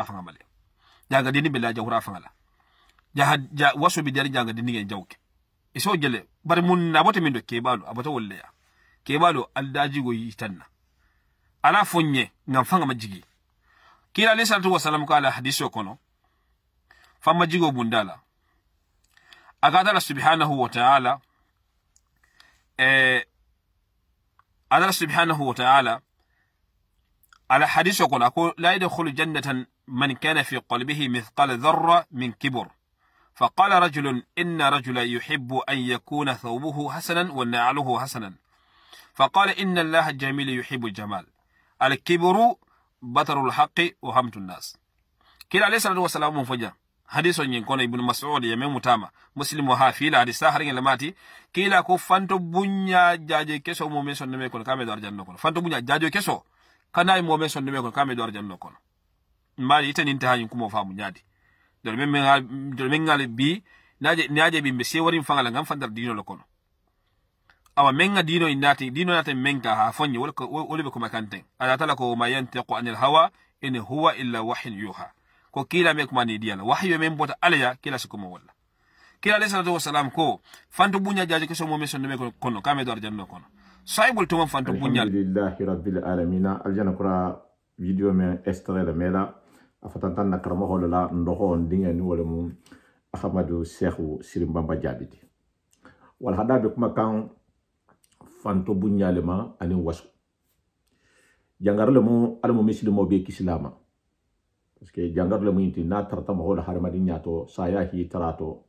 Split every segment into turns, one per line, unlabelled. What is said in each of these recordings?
faŋa male jangadini be la jahura faŋa la jaha ja waso be dari jangadini gen jawke iso jele bari mun na bote min do kebalu abota wolle ya kebalu aldaji go yitanna ala fonye ngam faŋa ma kila alayhi salatu wasalam ko ala hadiso kono famma jigo bundala akatala subhanahu wa ta'ala eh adala subhanahu wa ta'ala ala hadiso kono ako la yadkhulu jannatan من كان في قلبه مثقال ذرة من كبر فقال رجل إن رجلا يحب أن يكون ثوبه حسنا ونعله حسنا فقال إن الله الجميل يحب الجمال الكبر بطر الحق وهمت الناس كلا عليه الصلاة والسلام مفجأ حديث ينكون ابن مسعود يمين متامة مسلم وحافي لا حديث ساحر لماتي كلا كو فانتو بنيا جاجي كسو مومن سنمي كون كامي دار جنة كون فانتو بنيا جاجي كسو كناي مومن سنمي كون كامي دار جنة كون mbali ite ni intahañum kumo faamu nyadi. dole men bi, men ngal bi naje naje bimbe se warin fangala ngam dino lo awa menga dino indati dino nata menga hafonyi, ulebe wala wala ko makante ala tala anil hawa ini huwa illa wahin yuha Kwa kila me kuma ni diala wahyu men bota alaya kila siku mo kila lesa natuwa wasalam ko fantu bunya jaje ko so mo meso kono kame do arjanno kono saibul tuma fantu bunya
alhamdulillah rabbil alamina. Aljana kura video me estrela de mela afatantan na karamɔgɔ la ndogo ndinge ni wale mu ahamadu sehu sirimbamba jabiti walhada be kuma kan fanto bunyalema ani wasu jangarle mu alamu misilimo be kisilama parce que jangarle mu inti na tarata mo la harmadi nyato saya hi tarato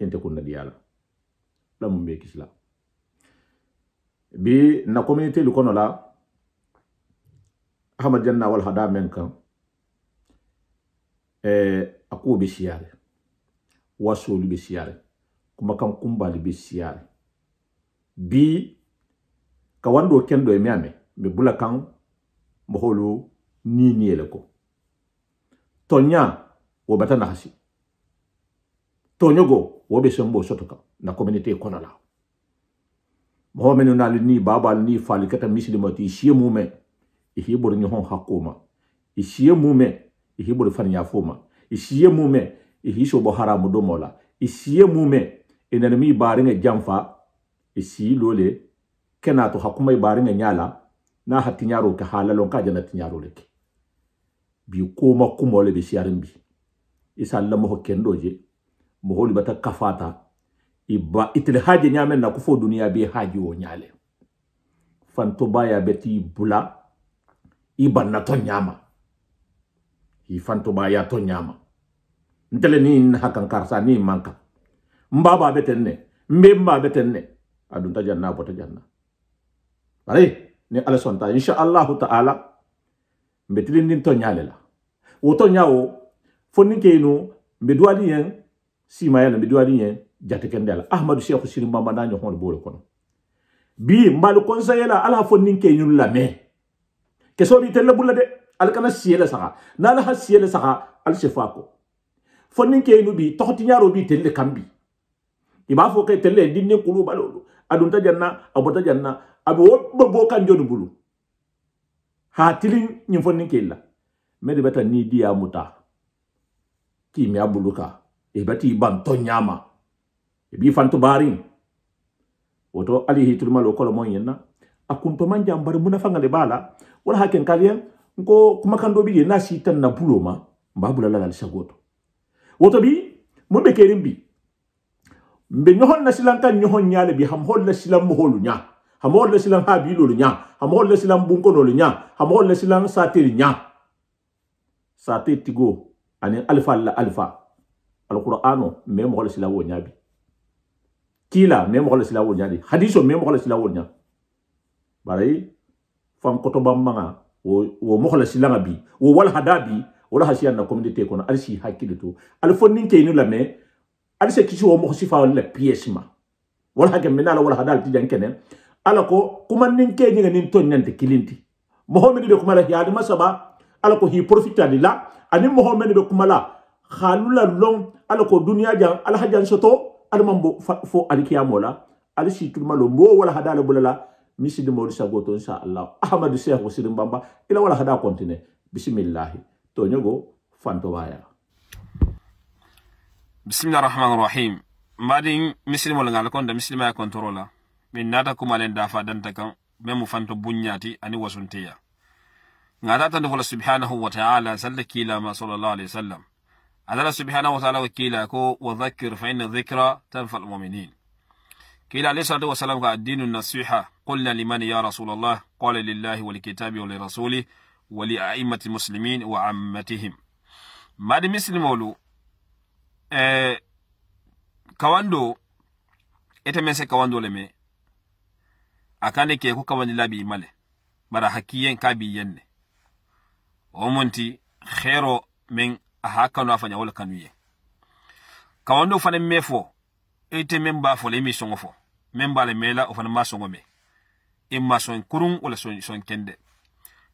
inte kunna diyala lamu be kisla bi na community lu kono la ahmad janna wal hada men kan Eh, a kow bɛ siyaare waasoolu bɛ siyaare kumakan kunbaali be siyaare bi ka wan do ken do mi ame be bulakan boholu ni ni eleko tonya wo bata na hasi tonyogo wo be sembo sotoka na community kona la menu na ni baba ni fali kata misli mati shiye mume ihi bor ni hon hakuma ishiye mume ihibole fan yafuma ishiye mume ihisho bohara mudomola ishiye mume inani mi baringa jamfa isi lole kena to hakuma baringa nyala na hatinyaro ka halalon ka jana tinyaro leke bi koma kumole bi sharin bi mo kendoje mo holi bata kafata iba itil haje nyamen na kufo dunia bi haji wo nyale fanto baya beti bula iban na to nyama hifantoba ya to nyama ntele ni hakan karsa ni manka mbaba betenne mbemba betenne adunta janna bota janna bare ni ala sonta insha allah taala mbetili nin to nyale la wo to nyawo fonni keenu mbe duwali yen simayala mbe duwali yen jatekende la ahmadu sheikh sirin bamba na nyohon bolo kono bi mbalu conseiller ala fonni keenu la me keso bi telle bulla de Alkana kana siela saga na la ha siela saga al shefako fonin ke bi nyaro bi telle kambi iba fo ke telle dinne kulu balolu adun janna abota janna abu wobbo bo kan jonu bulu ha tilin nyim fonin ke la mede beta ni dia muta ki mi abuluka e bati ban to nyama e bi fantu barin woto alihi tulmalo ko moyenna jambar bala wala haken kaliyan n ko kumakan dɔ bi n'a si tan na bulo ma n b'a bulala halisa goto woto bi mun be kerin bi n be ɲɔgɔn lasilan ta ɲɔgɔn ɲa le bi hamɔgɔ lasilan mɔgɔlu ɲa hamɔgɔ lasilan lolu ɲa hamɔgɔ lasilan bunkonolu ɲa hamɔgɔ lasilan tigo ani alifa la alifa alqur'ano me mɔgɔ lasila wo ɲa bi kila me mɔgɔ lasila wo ɲa di hadiso me mɔgɔ lasila wo ɲa bari fan kotoban manga wo o silanga bi wo walhada bi wola hasi anna communauté kono ali si hakkile to ali fo nin keyinu lame ali se kisi wo moxo sifa la pièce ma wala ke mena ala walhada ali tijan kene ala ko kuma ninke ni nin to nante kilinti moxo be kuma la yadima saba ala ko hi profita di la ani moxo meni be kuma la xaalula long ala ko duniya jan ala hajan soto ali man bo fo kiyamola ali si tuluma lo mo wala hada ala bulala goto molu allah inchallah ahmadou cheikhu sirin bamba ila wala hada kontine bisimillahi to fanto fantowaya
bisimillahi rahmani rahim madin misilimol ngal kon da misilimaya controla min nata kumalen dafa danta kan men mu fanto bunyati ani wasuntiya ngada tan dofa subhanahu wa ta'ala sallaki la ma sallallahu alaihi wasallam adala subhanahu wa ta'ala wakila ko wa dhakkir fa inna dhikra tanfa'ul mu'minin kila alayhi salatu wasalam ka adinu nasiha qulna liman ya rasulallah qala lillahi wa wa likitabi lirasuli wa li waliaimati muslimin wa ammatihim madi misilmolu eh, kawando ite men kawando leme akane ke ko kawani labi male bara hakiyen ka bi yenne o monti khero men aha kanu afanya wala kanuye kawando fane mefo ite men fo lemi mi songo fo men bala mela o fana ma songo me in e ma kurun wala so so kende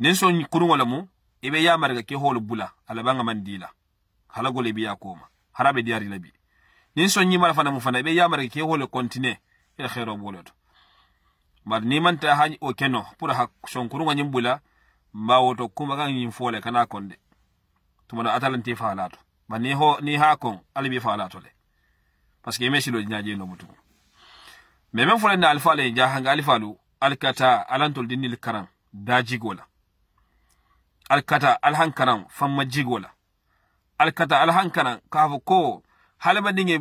nin son kurun wala mu ibe e ya marga ke holu bula ala banga mandila hala gole biya koma harabe diari labi nen so son mala fana mu fana ibe e ya marga ke holu kontine ila khairo boloto mar ni man ta hani o keno pura ha so kurun wanyim bula ma woto kuma kan yin fole kana konde tuma na atalanti fa ba ni ho ni ha kon albi fa le parce que mesi lo nyaje no mutu mais men fulan da alfa le ja hanga alfa lu alkata alantol dinil karam da alkata alhan karam famma jigola alkata alhan karam kafu ko halma dinge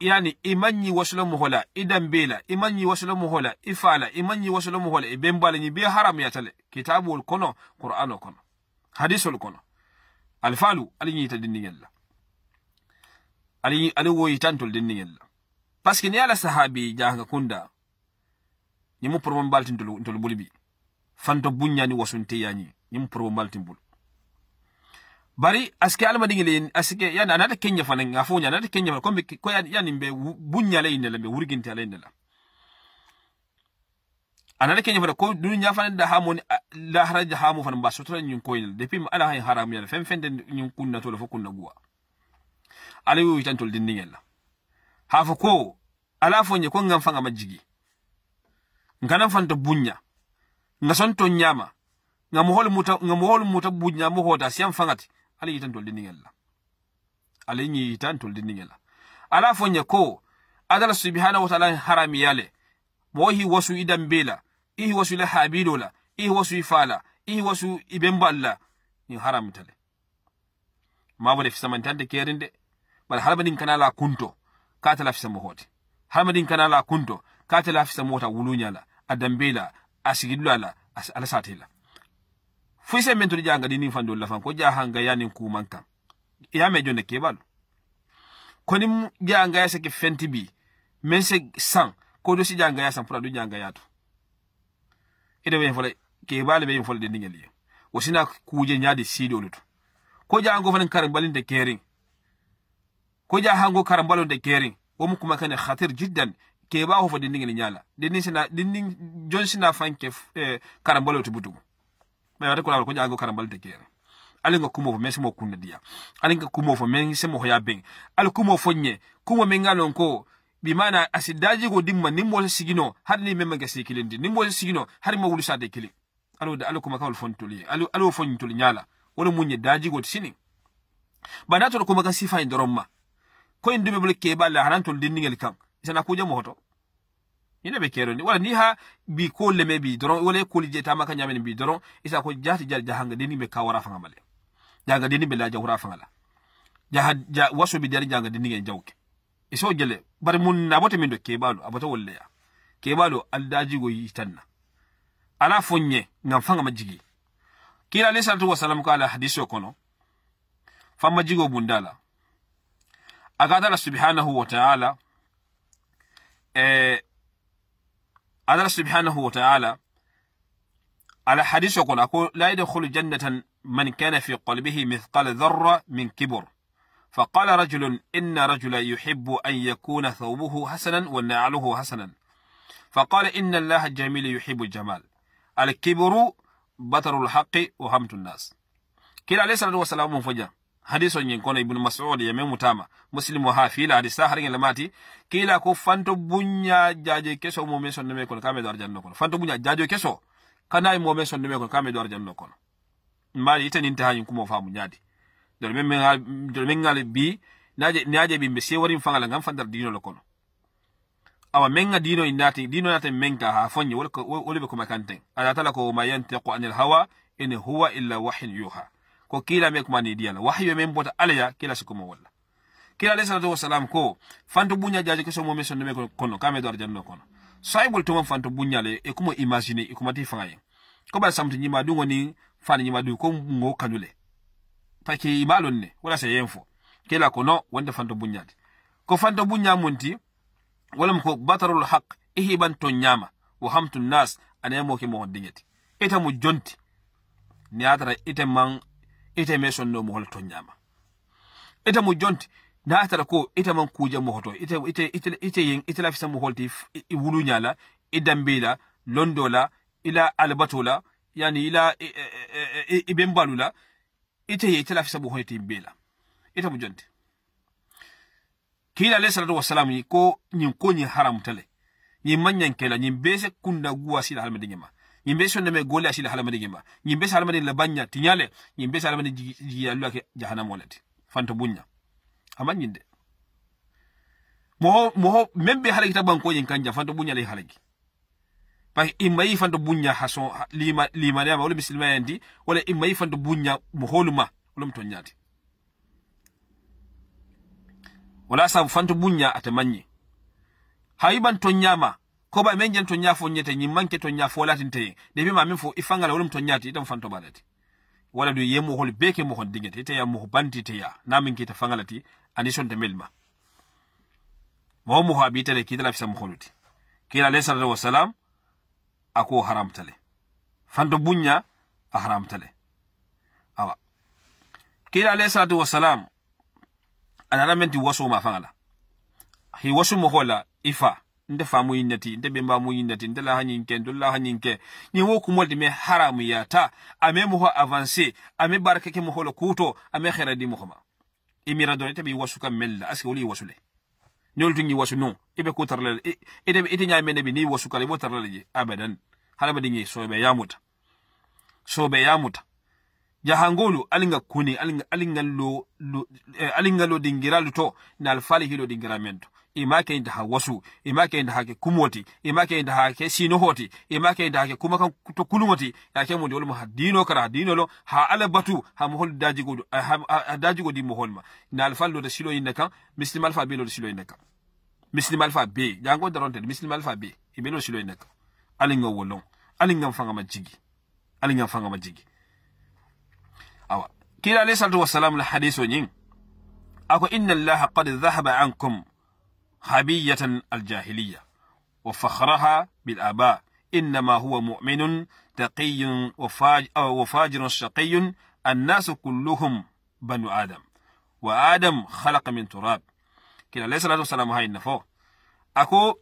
yani imanyi wasula muhola idambela imanyi wasula muhola ifala imanyi wasula muhola ibembala ni be haram ya tale kitabu kono qur'ano kono hadisul kono alfalu alinyi ta yalla ali ali woyi dinni yalla pasque ni ala sahabi jahaka kunda ni ñimu porobo mbalti ntol buli bi fanto buññani ni mu porobo mbalti bul bari aske almadiŋi le aske yani anata kenya fana nga fo anata kenya ko mbi ko yani mbe buñña le ine la mbe wurginti ala ine la anata kenya fana ko nya fana da hamoni la haraja hamu hamo fana ba sutura ñin ko ine depi ma ala hay haram yala fem fende de kunna to le fukunna guwa ala wi tan tol dindiŋel la hafo ko ala fo nye ko ngam fanga majigi ngana fanta bunya nga sonto nyama nga mohol muta nga mohol muta bunya mo hoda siam ali yitan tol diningella ali nyi yitan tol diningella ala fo nye ko adala subhanahu wa ta'ala harami yale mo hi wasu idan bela ihi wasu la habidola ihi wasu ifala ihi wasu ibemballa ni haramtale mabo le fisamantante kerinde bal halba kanala kunto kata lafisa mohote hamadin kana la kunto kata lafisa mota wuluña la a la a la ala sate la foyise men todu janga dinin fandol lafan ko jahanga yanin kuman kan yame jonde kebalu koni janga ya ke fenti bi men se san ko do si janga ya san pura du janga ya to ida be fola kebale be fola de ningal yo wosina kuje nyaade sido lutu ko jango fanan karin balinde kerin koja hango karambalo de kering wo mu kuma kane khatir jiddan ke ba ho fodin ngini nyala dinni sina dinni jon sina fanke eh, karambalo to butugo ma yata kula koja hango karambalo de kering ali nga kumo fo men semo kunna dia ali nga kumo fo men semo hoya ben ali kumo fo nye kumo men ngalon ko mana asidaji go dimma nimmo sigino har ni memma ga sikilindi nimmo sigino har ma wulu sade kili alo da alo kuma kawal fontuli alo alo fontuli nyala wala munye daji go tsini banato kuma ka sifa indoromma koyin en dume bule keɓalle hanan tol dindingel kam kuja mo hoto ina be wala ni ha bi me bi doron wala nyamen bi doron isa ko jati jal jahanga dini be kawara fanga male jaga be la jawra fanga la ja bi dari jaga dini jawke iso jele bar mun na bote min do wolle ya aldaji go yitanna ala fonye ngam fanga majigi kila alayhi salatu wasalam ko ala hadisi o kono famma jigo bundala هذا الله سبحانه وتعالى هذا آه، الله سبحانه وتعالى على حديث يقول أقول لا يدخل جنة من كان في قلبه مثقال ذرة من كبر فقال رجل إن رجلا يحب أن يكون ثوبه حسنا ونعله حسنا فقال إن الله الجميل يحب الجمال الكبر بطر الحق وهمت الناس كلا عليه الصلاة والسلام فجأة hadiso ñin kono ibnu masud yame mutama muslim ha fila hadi sa hargel mati kila ko fanto bunya jaje keso mo men sonne me kono kame do arjanno kono fanto bunya jajo keso kana mo men sonne me kono kame do arjanno kono mari itani intahanyin kuma famu nyadi dol men dol men ngal bi naje naje bi mbese warin fangala ngam fandar dino lo kono awa menga dino inati dino nata menka ha fonye wol ko wol be ko makante ala tala ko mayantiqu anil hawa in huwa illa wahyin yuha ko kila me kuma ni diyala wahyo me mbota alaya kila siku mo wala kila alayhi salatu wasalam ko fantu bunya jaji ko so mo me sonde me kono kame do arjanno kono saygol to mo fantu bunya le e kuma imagine e kuma ti fangaye ko ba samtu nyima du ngoni fani nyima du ko ngo kanule pake imalon ne wala se yenfo kila kono wanda fanto bunyati ko fantu bunya munti wala ko batarul haqq ban to nyama wa hamtu nas anayamo ke mo hondingeti ita mu jonti ni atara ita man ite no sonnomo holla nyama ite mo jonti da atara ko ite man kuje mo hoto ite ite ite ite yin ite lafisa mo holti i wulu la i la londo la ila albatola yani ila ibn la ita ye ite lafisa mo holti bela ite mo jonti kila lesa salatu wassalam ko nyin ko nyin haram tale nyin manyan kela nyin bese kunda guwa sila halmede nyama nyimbe sonde me golle asila halamade gemba yimbe salamade la banya tinyale nyimbe yimbe salamade jiya lwake jahanam walati fanto bunya amma nyinde mo mo membe halaki taban ko yin kanja fanto bunya lay halaki pa imay yi fanto bunya haso lima lima ne ma wala muslima yandi wala imma yi fanto bunya moholuma wala mtonyati wala sa fanto bunya atamanye haiban tonyama koba ba men jan to nya fo nyete nyi manke to nya fo de bi ma min fo ifanga la wolum to nyati itam fanto balati wala du yemu hol beke mo hon dingete te ya mo banti te ya na min ke ta fangalati ani de melma mo mo ha bitale ki dala kholuti kila alayhi salatu wassalam ako haramtale fanto bunya a haramtale awa kila alayhi salatu wassalam anara menti waso ma fangala hi waso mo hola ifa nte faamu yinnati nte bembaamu yinnati nte laha ñiŋ ke ntu laha ke ñiŋ wo kumol de me haramu yata a me moho avancé a me baraka ke moho lo kuuto a me di moho ma i mira dona ite be i wasu ka mel la wasu non i be ku tara la ite ite bi ni i wasu kala je abadan hadamadiŋe soobe yamuta soobe yamuta jahangolu alinga kuni alinga alinga lo, eh, alinga lo dingiralu to na alfali hilo dingira mento imake inda da ha wasu ima ke ha ke kumoti imake inda da ha ke sino hoti ima ke da ha ke kuma kan to kulumoti ya ke mu dole mu haddino kara haddino lo ha ala batu ha mohol daji godu ha daji godi mu holma na alfal da silo indaka kan muslim alfa be lo silo indaka kan muslim alfa be jango daron te muslim alfa be ibe lo silo indaka kan alin wolon alin ga fanga majigi alin ga fanga majigi awa kila alayhi salatu wassalamu al hadithu nyin ako inna allaha qad dhahaba ankum حبية الجاهلية وفخرها بالآباء إنما هو مؤمن تقي وفاجر شقي الناس كلهم بنو آدم وآدم خلق من تراب كلا ليس لازم سلام هاي النفو أكو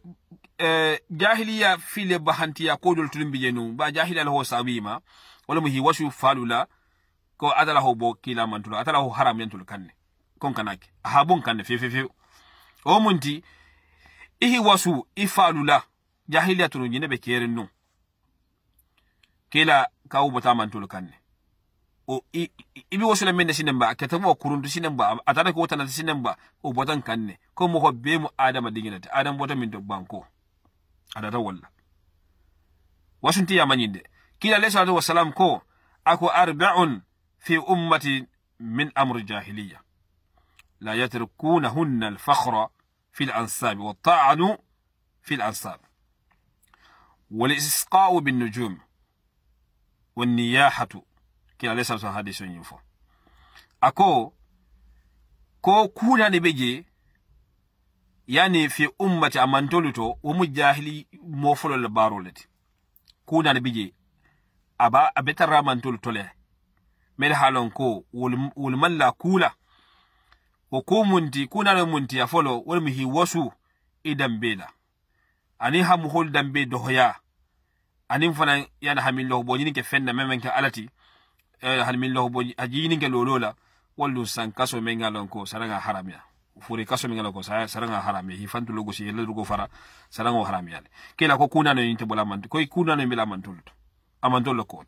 آه، جاهلية في لبهانتي دول تلم بجنو با جاهلية له سابيما ولم هي وشو فالولا كو أدله بو كلا من تلو أدله حرام ينتلو كني كون كناك أحبون كني في في في o munti ihi wasu ifalula jahiliya tunu jine be kerin nun kila kawu bata mantul kanne o ibi wasu la menne sinen ba ketabu wa kurundu sinen ba atara ko tanata sinen ba o kanne ko mo ko be mu adama dinginata adam bota min to banko adata walla wasunti ya manyinde kila alayhi salatu wassalam ko ako arba'un fi ummati min amri jahiliya لا يتركونهن الفخر في الأنساب والطعن في الأنساب والإسقاء بالنجوم والنياحة كلا ليس بسم هذه سنة ينفو أكو كو كونا نبيجي يعني في أمة أمانتولتو ومجاهلي موفلو البارولتي كونا نبيجي أبا أبتر أمانتولتو له مرحالون كو ولمن لا كولا o ku munti ku nano muntiya folo wolmi hi wasu i dambe la ani ha muhol dambe dohoya anin fana na hamin loho bo ñinin ke fenna men ke alati eh, hamin loho bo aji ñinin ke lolo la wallu san kaso men ga ko saranga haramiya fure kaso min ngala ko sa saranga harami hi fantu logo si yella logo fara saranga harami ale kila ko kuna no inte bola man ko kuna no mila man tulto amantol ko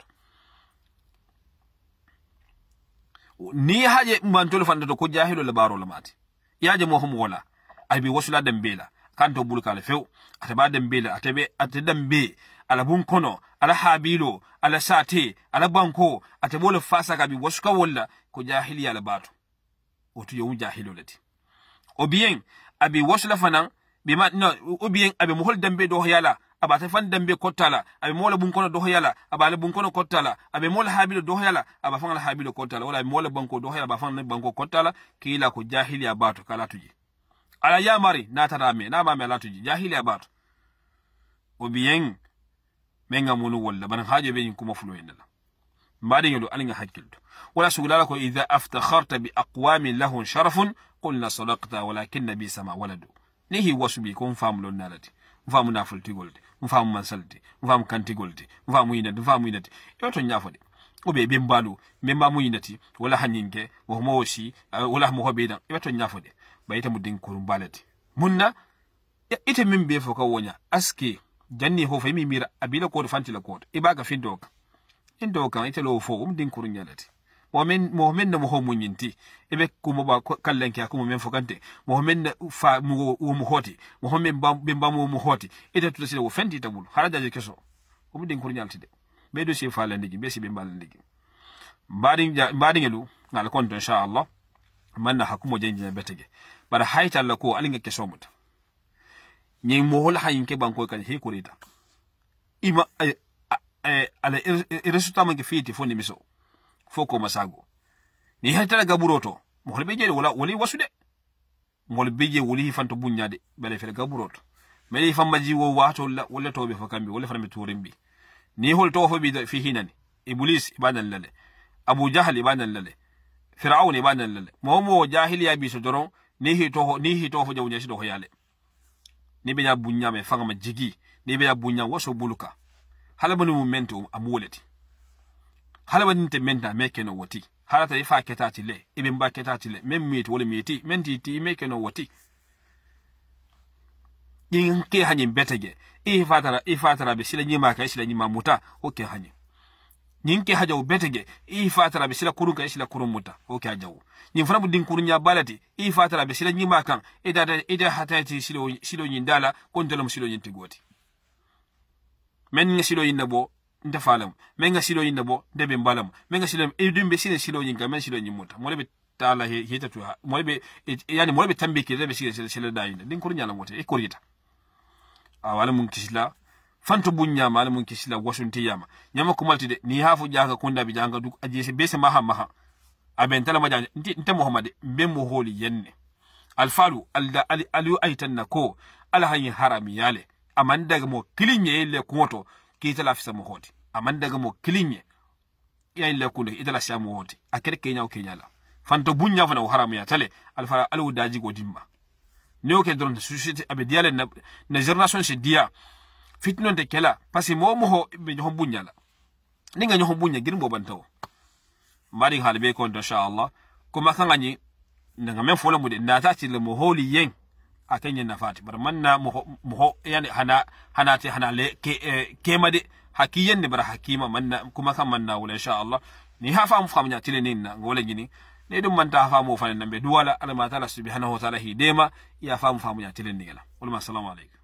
ni haje mbantol to ko hilo le baro lamati yaje mo homo wala ayɓe wasula dembela kanto bulkala few ataba dembela ataɓe ata dembe ala kono ala habilo ala sate ala banko ataɓola fasa kaɓe wasuka wolla ko jahiliya ala bato woto jahilo jahilolati o biyen abi wasula fanan ɓe ma no ou abe mo hol dambe do doho aba ta tefan dambe kottala aɓe mola ɓunkono doho yala aɓa ala ɓunkono kottala aɓe mola haaɓiɗo doho yala aɓa fan ala haaɓiɗo kottala wala aɓe mola banko doho yala aɓa fan banko kottala kila ko jahiliya bato kala tuji ala ya mari na yamari natatame namami a latuji jahiliya bato o biyen min gam woni wala ban haajo be yin kuma fulo en ala mbaɗen yoɗo alga hakkilto wala suglala ko ida aftakharta bi aqwamin lahun sharafun qulna sadaqta walakin nabi sama waladu ni hi wasuɓi ko mfamu lon nalati mfamu nafultigol de mfamu mansalde mfamu kantigol de mfamu yinati mfamu yinati yo to ñafode o ɓe ɓen mbalu ɓen wala hañinke wohomowo si eh, wala homo hoɓe ɗan iwa to ñafode ɓayita mu munna ite min be fo ka woña aske janni ho fayimi mira abila koto fantila koto ibaga fin dow ite lowo fo um den koru ñalati momin momin na mohomu nyinti ebe kuma ba kallan ki kuma men fokante mohomin na fa mu wo mu hoti mohomin ba ben ba mu mu hoti ita to sele wo fenti ta haraja je keso ko mi den ko nyalti de be do se fa landigi be se be balandigi mbadin mbadin elu ngal kon to insha Allah manna hakumo jenjina betege bara hayta Allah ko alinga keso muta nyi mohol hayin ke banko kan he kurita ima ala resultat man fiti fo ni miso foko masago ni hetara gaburo to mo holbe je wala wali wasude mol beje wali hifanto bunyade bele fere gaburo to fam maji wo wato la wala tobe be fakambi wala fana turimbi ni hol to fo bi fi hinan iblis ibadan lale abu jahl ibadan lale fir'aun ibadan lale mo mo ya bi so doron ni hito ni hito fo jawnya sido do yale ni be ya bunya me fanga ma jigi ni be ya bunya waso buluka halabani mu amuleti hala wanin te menta me no woti hala ta ifa keta ti le ibe mba keta ti le mi wala mi ti men ti ti me keno woti yin ke hanyin betege ifa tara ifa tara be sila nyima ka sila nyima muta o ke hanyin nyinke hajaw betege i fatara be sila kurun ka sila kurun muta o ke hajaw nyin fana budin kurun ya balati i fatara be sila nyima kan ida ida hatati silo silo nyin dala kon dolom silo nyin tigoti men ngi silo yin nta falam menga silo nyinda bo nda be mbalam menga silo edum be sine silo nyinga men silo nyimuta mole be tala he heta tu mole be e, yani mole be tambike be sile sile sile da yinda din kurnya la mote e korita awala mun kisila fanto bunya mala mun kisila wasunti yama nyama kumalti de ni hafu jaka kunda bi janga duk ajese bese maha maha aben tala majanja nte muhammad be mu holi yenne alfalu alda ali alu aitanna ko alhayin harami yale amandaga mo kilinye ile kuoto kita la fisa hoti amanda ga mo kilinye ya illa kunde idala sha mo hoti akere kenya o kenya la fanto bunya fana uharamu ya tale alfa alu daji go dimma ne o ke don society abe na na generation se dia fitno de kela parce mo moho ho be ho bunya la ni nga ho bunya girin bo bantawo mari halbe ko insha Allah kuma kan anyi daga men fola mu de na ta ci le moholi yeng akenye nafati bara manna muho, muho yani hana hanati hana le ke, eh, kemade hakiyen ne bara hakima manna kuma kan manna wala insha Allah ni hafa mu famnya tile ne na ngole gini ne dum man ta hafa mu fanan be duwala Allah ma ta'ala subhanahu wa ta'ala hidema ya famu famu ya tile ne la ulama assalamu alaikum